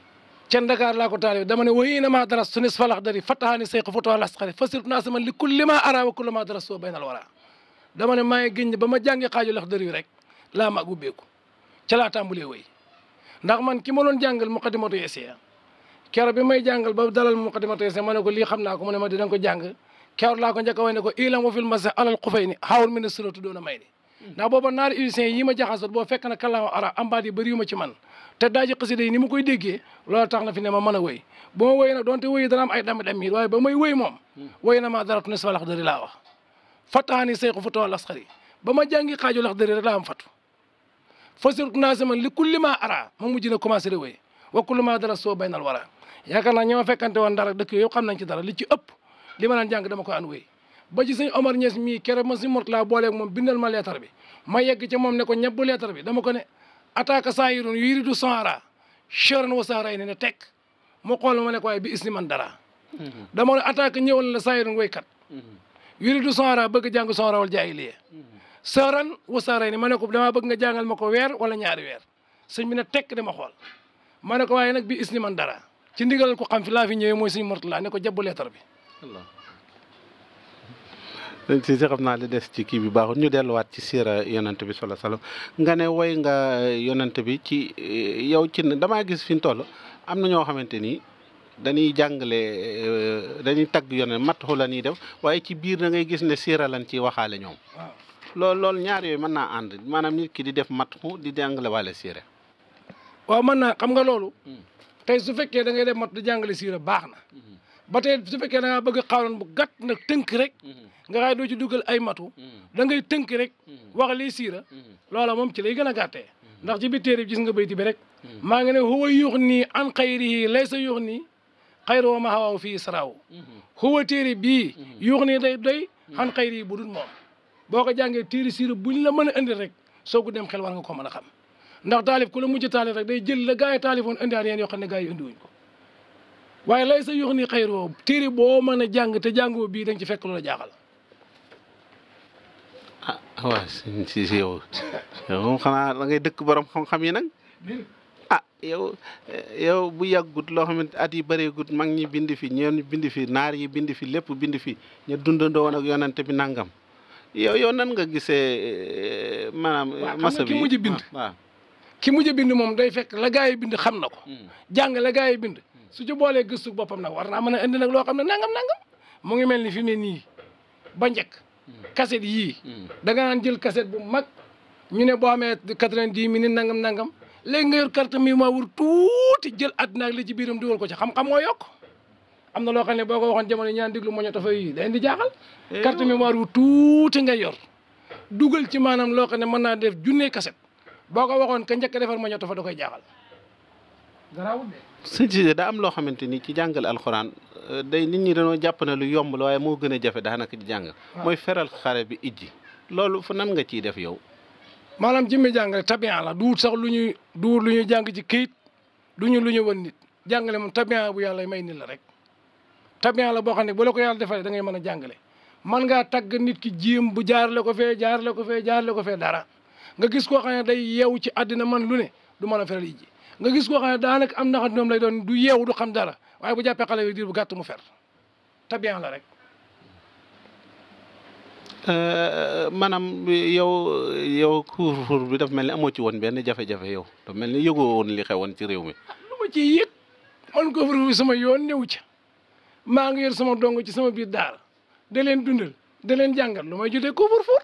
ca Dakar laa ko taalif dama ne wa innamaa darastu nisfal axdari fatahaani sayqu fotoal asqari fasiltu naasiman li kulli maa araa wa kulli maa darastu baynal waraa dama ne maa ngi ba ma jàngee xaaju laxdari rek laa mag ubbeeku ca laa tàmbalee ndax man ki ma doon jàngal muqaddimatu yasiya keroog bi may jàngal ba dalal muqaddimatu yasiya ma ne ko lii xam naa ko mu ne ma dinañ ko jàng keroog laa ko njëkk a way ne ko ilam wa fil masa alal xufay ni mi ne suratu doon a may ni ndax booba naari éditions yi ma jaxasoo boo fekk na kàllaama arab ambaat yi bëri yu ma ci man te daaji yi ni ma koy déggee loolu tax na fi ne ma mën a wéy bu ma wéy nag donte wéy ay dami dam yi waaye ba may wéy moom wéy na maa daratu nisfalax dëri laa wax fataani sayqu futuwal asxari ba ma jàngi xaaju lax dëri rek laa am fatu fasir naa sama li kulli maa ara moom mujj na commencé di wéy wa kulli maa dara soo baynal wara yaakaar naa ñoo fekkante woon dara dëkk yooyu xam nañ dara li ci ëpp li ma naan jàng dama ko an wéy ba ci sëñ Omar Niass mii kere ma si Mourtala booleeg moom bindal ma leetar bi ma yegg ca moom ne ko ñebbu leetar bi dama ko ne attaque saayirun yuridu saara cheran wa saara yi ne ne tekk mu xool ma ne ko waaye bi isni man dara mhm. dama ne attaque ñëwal la saayirun waykat mhm. yuridu saara bëgg jàng saara wal jaahiliya mhm. saaran wa saaray ni ma ne ko damaa bëgg nga jàngal ma ko weer wala ñaari weer sëñ bi ne tekk dama xool ma ne ko waaye nag bi is ni man dara ci ndigal ko xam fi laa fi ñëwee mooy sëñ ne ko jàpp leetar si xam naa li des ci kii bi baaxul ñu delluwaat ci siira yonent bi sala salaam nga ne woy nga eh, yonent bi ci eh, yow ci damaa gis fi mu toll am na ñoo xamante ni dañuy jàngale eh, dañuy tagg yonent mat xu la ñuy def waaye ci biir da ngay gis ne siira lan ciy waxaale ñoom. loolu loolu ñaar yooyu mën naa ànd maanaam nit kii di def mat matxu di jàngale waale siire waaw mën naa xam nga loolu hmm. tey su fekkee da ngay def mat di jàngale siire baax na hmm. ba tey su fekkee da bëgg xawlan bu gàtt nag tënk rek hmm. nga xaay doo ci dugal ay matu dangay tënk rek wax lii siira loola moom ci lay gën a gàttee ndax ci biir téere bi gis nga bayti bi rek maa ngi ne huwa yuux nii an xayrihi lay sa yuux nii xayru wa ma xawaaw fii saraaw huwa téere bi yuux nii day doy an xayrihi bu boo ko jàngee téere siira buñ la mën a indi rek soo ko dem xel war nga ko mën a xam ndax taalif ku la mujj taalif rek day jël la gaa yi taalifoon indiwaat yéen yoo xam ne gaa yi indiwuñ ko waaye lay sa yox ni xayroo téere boo mën a jàng te jàngoo bii dañ ci fekk loola a ah, ah waaw sëñ si ngay dëkk borom xam yi nag. Ah, yow yow bu yàggut loo xamante at yi bëreegut mag ñi bind fi ñoon bind fi naar yi bind fi lépp bind fi ñu dundandoo woon ak yonante bi nangam. yow yow nan nga gisee eh, maanaam. masa bi ki mujj bind. waaw ki mujj bind moom day fekk la yi bind xam na ko. Hmm. jàng la yi bind. su ci boolee gëstu boppam nag war naa mën a indi nag loo xam ne nangam nangam mu ngi mel ni fi mu ne nii ba njëkk. kaset hmm. yii. Hmm. da nga naan jël kaset bu mag. ñu ne boo amee quatre di dix nangam nangam léegi nga yor carte mi ma wur tuuti jël àddina ak li ci biiram dugal ko ci xam-xam moo yokk. am na loo xam ne boo waxoon jamono ñaan diglu moño tafa yi day indi jaaxal eh carte mémoire wu tuuti ngay yor dugal ci maanaam loo xam ne mën naa def junne kaset boo ko waxoon ka njëkk defar moño tafa da koy jaaxal garaawul de sëñ am loo xamante ni ci jàngal alxuraan euh, day nit ñi dañoo jàpp ne lu yomb la waaye moo gën a jafe daanaka ci jàng mooy feral xare bi ijji loolu fu nan nga ciy def yow maanaam jëmmi jàng rek tabian la duut sax lu ñuy duut lu ñuy jàng ci këyit ñu lu ñu wan nit jàngale moom tabian bu yàlla may nit la rek tabian la boo xam ne boo la ko yàlla defalee da ngay mën a jàngale man ngaa tagg nit ki jéem bu jaarale ko fee jaarale ko fee jaarale ko fee dara nga gis koo xam ne day yeewu ci àddina man lu ne du mën a feral ji nga gis koo xam ne daanaka am na ñoom lay doon du yeew du xam dara waaye bu jàppee xale bi diir bu gàtt mu fer tabian la rek euh, maanaam yow yow couvre-feu bi daf mel ni amoo ci woon benn jafe-jafe yow daf mel ni yëgoo woon li xewoon ci réew mi lu ma ciy yëg man couvre-feu bi sama yoon néew ca maa ngi yor sama dong ci sama biir daar da leen dundal da leen jàngal lu may jotee couvre-feu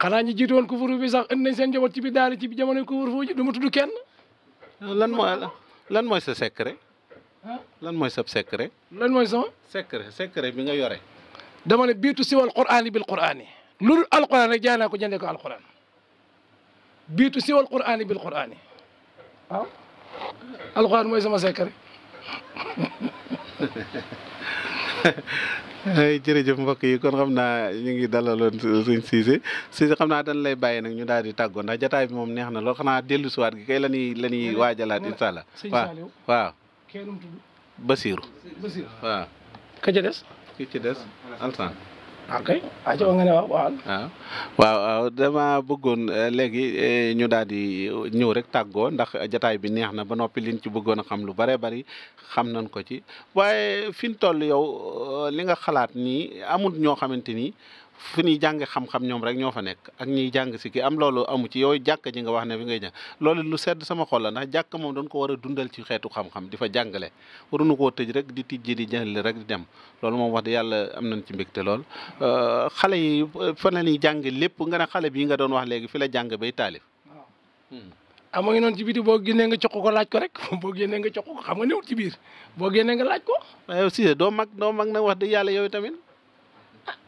xanaa ñi jiitu woon couvre-feu bi sax indi nañ seen njaboot ci biir daara ci jamono couvre-feu ji du ma tudd kenn. lan mooy lan mooy sa secret. lan mooy sa secret. lan mooy sama. secret secret bi nga yore. dama ne biitu siwal qur'aani bil qur'aani lu dul alquran rek jaay naa ko jëndee ko alquran biitu siwal qur'aani bil qur'aani waaw alquran mooy sama secret. ay jërëjëf mbokk yi kon xam naa ñu ngi dalaloon suñ Cissé Cissé xam naa dañ lay bàyyi nag ñu daal di tàggoo ndax jataay bi moom neex na lool xanaa dellu siwaat gi kay la ñuy la ñuy waajalaat incha allah. waaw waaw. Basiiru. Basiiru waaw. ka des. ki ci des Alsaan. a ah, ayca ah, nga ne waaw waaw. Ah. waaw dama bëggoon eh, léegi eh, ñu daal di eh, ñëw rek tàggoo ndax jataay bi neex na ba noppi liñ ci bëggoon a xam lu bare bari xam nañ ko ci waaye fi ñu yow li nga xalaat nii amut ñoo xamante ni fu ñuy jàng xam-xam ñoom rek ñoo fa nekk ak ñuy jàng si ki am loolu amu ci yooyu jàkk ji nga wax ne bi ngay jàng loolu lu sedd sama xol la ndax jàkk moom doon ko war a dundal ci xeetu xam-xam di fa jàngale waruñu koo tëj rek di tijji di jàngale rek di dem loolu moom wax di yàlla am nañ ci mbégte lool euh, xale yi fa la ñuy jàng lépp nga ne xale bii nga doon wax léegi fi la jàng bay taalif. ah ma ngi noonu ci biti boo génnee nga coq ko laaj ko rek boo génnee nga coq ko xam nga newul ci biir boo génnee nga laaj ko. Ah, doo mag doo mag nag wax dëgg yàlla yow tamit. Ah,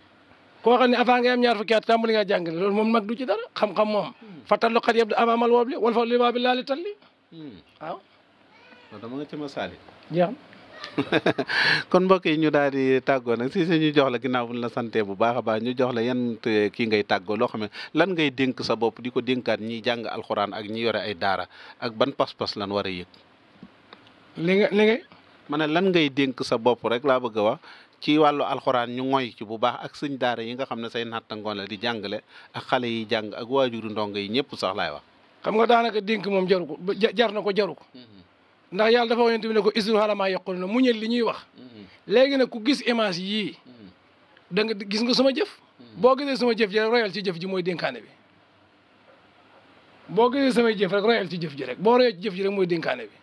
koo xam ne avant ngay am ñaar fukki at tàmbali ngaa jàngale loolu moom mag du ci dara xam-xam moom. Hmm. fàttali xat yëpp da amaamal wooble wal fa li waa bi laali talli. Hmm. waaw. dama nga ci ma saali. jeex kon mbokk yi ñu daal di tàggoo nag si si ñu jox la ginnaaw bu ñu la sante bu baax a baax ñu jox la yan euh, kii ngay tàggoo loo xam ne lan ngay dénk sa bopp di ko dénkaat ñiy jàng alxuraan ak ñi yore ay daara ak ban pas lan war a li nga li nga. ma lan ngay dénk sa bopp rek laa bëgg a wax ci wàllu alxuraan ñu ngoy ci bu baax ak sëñ daara yi nga xam ne say nattangoon la di jàngale ak xale yi jàng ak waajuru ndongo yi ñëpp sax laay wax. xam nga daanaka dénk moom jaru ko jar na ko jaru ko. Mm-hmm. ndax yàlla dafa yonent bi ne ko isru ala maa yaqul na muñal li ñuy wax mm-hmm. léegi nag ku gis image yii mm-hmm. da nga gis nga suma jëf mm-hmm. boo gisee sama jëf ji rek royal ci jëf ji mooy dénkaane bi boo gisee samay jëf rek royal ci jëf ji rek boo royal jëf ji rek mooy dénkaane bi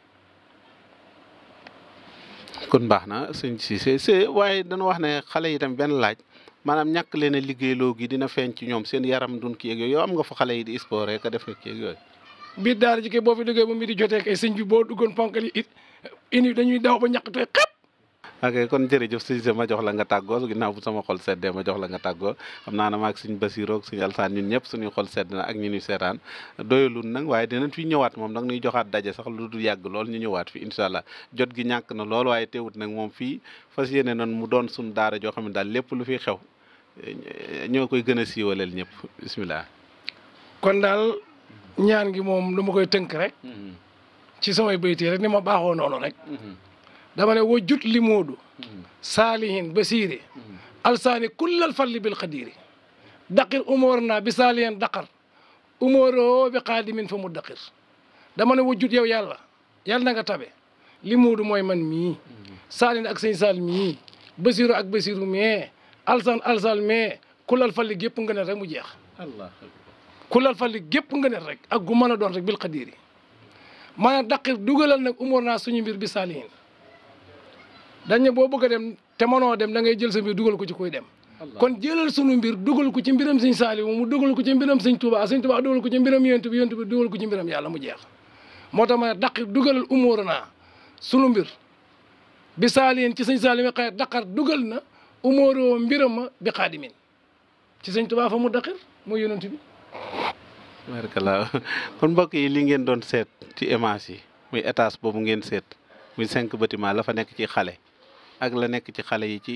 kon baax na sëñ Cissé c'est waaye dañu wax ne xale yi tam benn laaj maanaam ñàkk leen a liggéeyloo gi dina feeñ ci ñoom seen yaram dun ki yeeg yooyu yow am nga fa xale yi di sport rek a def ak yeeg yooyu biir daara ji kay boo fi duggee ba mu di jotee kay sëñ bi boo duggoon ponkali it ini dañuy daw ba ñàkk tey xëpp. ok kon jërëjëf sëñ Cissé ma jox la nga tàggoo ginnaaw bu sama xol seddee ma jox la nga tàggoo xam naa ne maag suñ Basiroo ak ñëpp suñuy xol sedd na ak ñu ñuy seetaan doyalul nag waaye dinañ fi ñëwaat moom nag ñuy joxaat daje sax lu du yàgg lool ñu ñëwaat fi incha allah jot gi ñàkk na lool waaye teewut nag moom fii fas yéene noonu mu doon suñ daara joo xam ne daal lépp lu fi xew ñoo koy gën a siiwaleel ñëpp bisimilah ñaan ngi moom lu ma koy tënk rek mm-hmm. ci samay baytee rek ni ma baaxoo noonu rek mm-hmm. dama ne wa jut li moodu mm-hmm. saalihin basiiri alsaani kullal falli bil xadiiri daqir umoor naa bi saalihin daqar umooroo bi xaadimin fa mu daqir dama ne wa jut yow yàlla yàlla na nga tabe mooy man mii saalihin ak sëñ saal mii basiiru ak basiiru mee alsaan alsaan mee kullal falli gépp nga ne rek mu jeex kulal fal li nga net rek a gu mën a doon rek bil xadiir yi maanaam dugalal nag umur naa suñu mbir bi saalihin dañ ne boo bëgg dem te mënoo dem da ngay jël sa dugal ko ci kuy dem kon jëlal sunu mbir dugal ko ci mbiram sëñ Saaliw mu dugal ko ci mbiram sëñ Tuubaa sëñ Tuubaa dugal ko ci mbiram yonent bi yonent bi dugal ko ci mbiram yàlla mu jeex moo tax ma ne daqir dugalal umur na sunu mbir bi saalihin ci sëñ Saaliw xëy daqar dugal na umuroo mbiram ma bi xaadimin ci sëñ mu daqir mooy yonent bi barkalaa kon mbokk yi li ngeen doon seet ci image yi muy étage boobu ngeen seet muy cinq bâtiment la fa nekk ci xale ak la nekk ci xale yi ci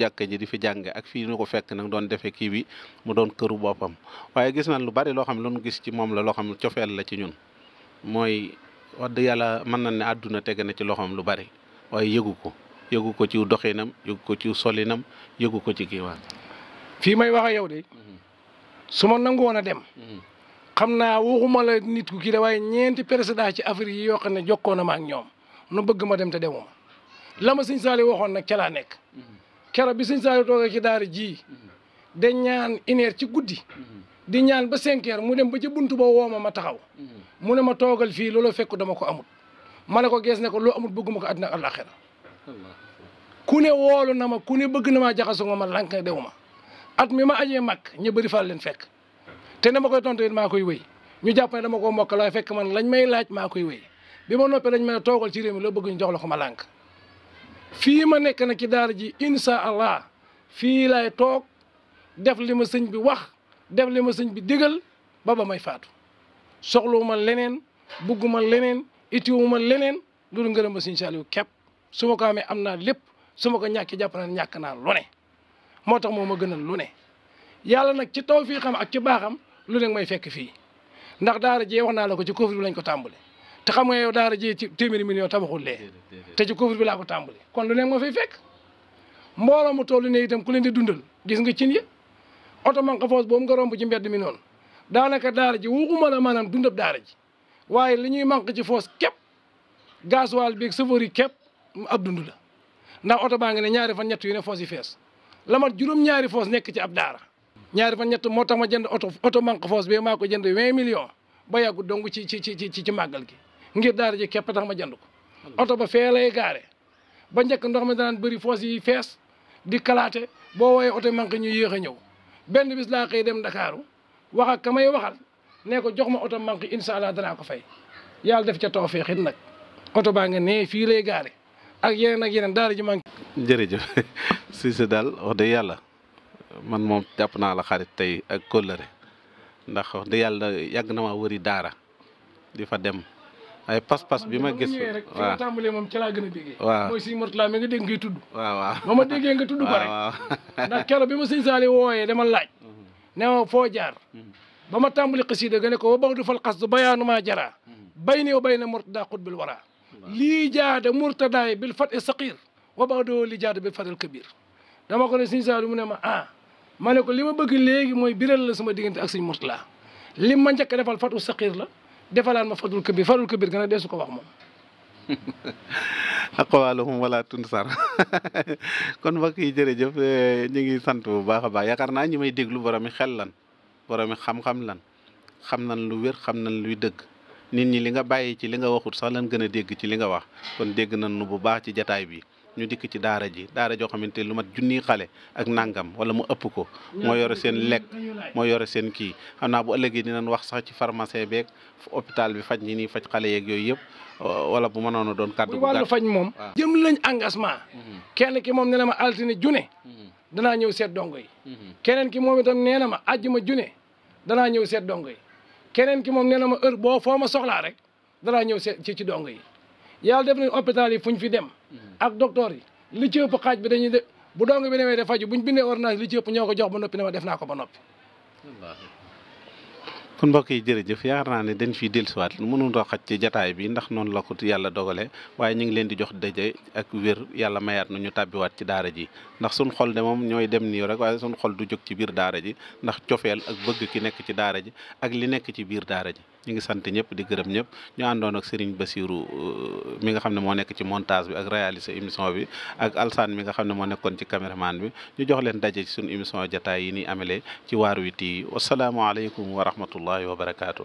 jàkka ji di fi jànge ak fii ñu ko fekk nag doon defee kii bi mu doon këru boppam waaye gis nañ lu bari loo xam ne lu gis ci moom la loo xam ne cofeel la ci ñun mooy wax yàlla mën na ne àdduna tege na ci loxoom lu bari waaye yëgu ko yëgu ko ci doxinam yëgu ko ci solinam yëgu ko ci kiiwaan fii may wax ak yow de mhm. su ma nangu a dem. xam naa waxuma la nit ku kii la waaye ñeenti président ci Afrique yi yoo xam ne jokkoon na ma ak ñoom nu bëgg ma dem te demuma la ma sëñ Saali waxoon nag ca laa nekk. keroog bi sëñ Saali toogee ci daara ji de ñaan une ci guddi. di ñaan ba cinq mu dem ba ci buntu ba woo ma ma taxaw. mu ne ma toogal fii loolu fekk dama ko amut. ma ne ko gees ne ko loo amut bëgguma ko àddina ak àllaaxira ku ne woolu na ma ku ne bëgg na maa jaxasoo ma lank dew ma at mi ma ajee mag ñu bëri faa leen fekk te ne ma koy tontu it maa koy wéy ñu jàpp na dama koo mokk fekk man lañ may maa koy wéy bi ma noppee dañ ma ne toogal ci réew mi loo bëgg ñu jox la ko ma lànk fii ma nekk nag ci daara ji insha allah fii laay toog def li ma sëñ bi wax def li ma sëñ bi dégal ba ba may faatu soxluwuma leneen bugguma leneen itiwuma leneen loolu ngërëm ma sëñ Saliou képp su ko amee am naa lépp su ma ko ñàkkee jàpp naa ñàkk naa lu moo tax moom ma gënal lu ne yàlla nag ci taw fii xam ak ci baaxam lu ne may fekk fii ndax daara jee wax naa la ko ci Covid bi lañ ko tàmbali te xam nga yow daara jee ci téeméeri million tabaxul lee te ci Covid bi laa ko tàmbali kon lu ne ma fay fekk mbooloo mu toll ne itam ku leen di dundal gis nga cin ya oto man foos boobu nga romb ci mbedd mi noonu daanaka daara ji waxuma la maanaam dundab daara ji waaye li ñuy manque ci foos képp gasoil bi ak safari képp ab dund la ndax oto baa ngi ne ñaari fan yu ne foos yi fees la mat juróom-ñaari foos nekk ci ab daara ñaari fan ñett moo tax ma jënd oto oto manque foos bi maa ko jënd vingt millions ba yàggu dong ci ci ci ci ci màggal gi ngir daara ji képp tax ma jënd ko oto ba fee lay gaare ba njëkk ndox mi danaan bëri foos yi fees di kalaate boo woowee oto manque ñu yéex a ñëw benn bis laa xëy dem ndakaaru wax ak ka may waxal ne ko jox ma oto manque incha allah danaa ko fay yàlla def ca tawfeex it nag oto baa nga nee fii lay gaare ak yeneen ak yeneen daara ji manque jërëjëf Cissé daal wax dëgg yàlla man moom jàpp naa la xarit tey ak kóllëre ndax wax yàlla yàgg na ma wëri daara di fa dem ay pas-pas bi ma gis. waaw tàmbalee moom ci a déggee. waaw mooy nga dégg ngay tudd. ma déggee nga tudd ko rek. ndax keroog bi ma sëñ Saali wooyee dama laaj. Mhm. ne ma foo jaar. Mhm. ba ma tàmbali xasida ga ne ko wa du fal xas du bayaanu jaraa. bay ne mhm. bay na Mourtada xutbil waraa. lii jaada Mourtadaay bil fat e saqiir wa baadoo li jaada bi faral kabir dama ko ne sëñ Saliou mu ne ma ah ma ne ko li ma bëgg léegi mooy biral la sama diggante ak sëñ Mourtala li ma njëkk defal fatu saqiir la defalaat ma fatul kabir fatul kabir gën a deesu ko wax moom aqwaaluhum wala tunsar kon mbokk yi jërëjëf eh, ñu ngi sant bu baax a baax yaakaar naa ñi may déglu boromi xel lan boromi xam-xam lan xam nan lu wér xam nan luy dëgg nit ñi li nga bàyyi ci li nga waxut sax lan gën a dégg ci li nga wax kon dégg nan nu bu baax ci jataay bi ñu dikk ci daara ji daara joo xamante lu mat junni xale ak nangam wala mu ëpp ko moo yore seen lekk moo yore seen kii xam naa bu ëllëgee dinañ wax sax ci pharmacie beeg hôpital bi faj ñi nii faj xale yeeg yooyu yëpp uh, wala bu mënoon a doon kàddu bu wàllu faj moom jëm lañ engagement mm-hmm. kenn ki moom nee na ma altine june mm-hmm. danaa ñëw seet dongo yi mm-hmm. keneen ki moom itam nee na ma àjjuma june danaa ñëw seet dongo keneen ki moom nee na ma heure boo foo ma soxlaa rek danaa ñëw seet ci ci dongo yi yàlla def na hôpital yi fuñ fi dem Mm-hmm. ak docteur yi li ci ëpp xaaj bi dañuy de bu dong bi demee de faju buñ bindee ordonnance li ci ëpp ñoo ko jox ba noppi ne ma def naa ko ba noppi kon mbokk yi jërëjëf yaakaar naa ne dañ fiy dellusiwaat mënul doo xaj ci jataay bi ndax noonu la ko yàlla dogale waaye ñu ngi leen di jox daje ak wér yàlla mayaat na ñu tàbbiwaat ci daara ji ndax suñ xol de moom ñooy dem nii rek waaye suñ xol du jóg ci biir daara ji ndax cofeel ak bëgg ki nekk ci daara ji ak li nekk ci biir daara ji ñu ngi sant ñëpp di gërëm ñëpp ñu àndoon ak Serigne Bassirou euh, mi nga xam ne moo nekk ci montage bi ak réaliser émission bi ak Alsaan mi nga xam ne moo nekkoon ci caméraman bi ñu jox leen daje ci émission jataay yi ni amele ci Waarwi TV wasalaamualeykum wa rahmatullahi wa barakaatu.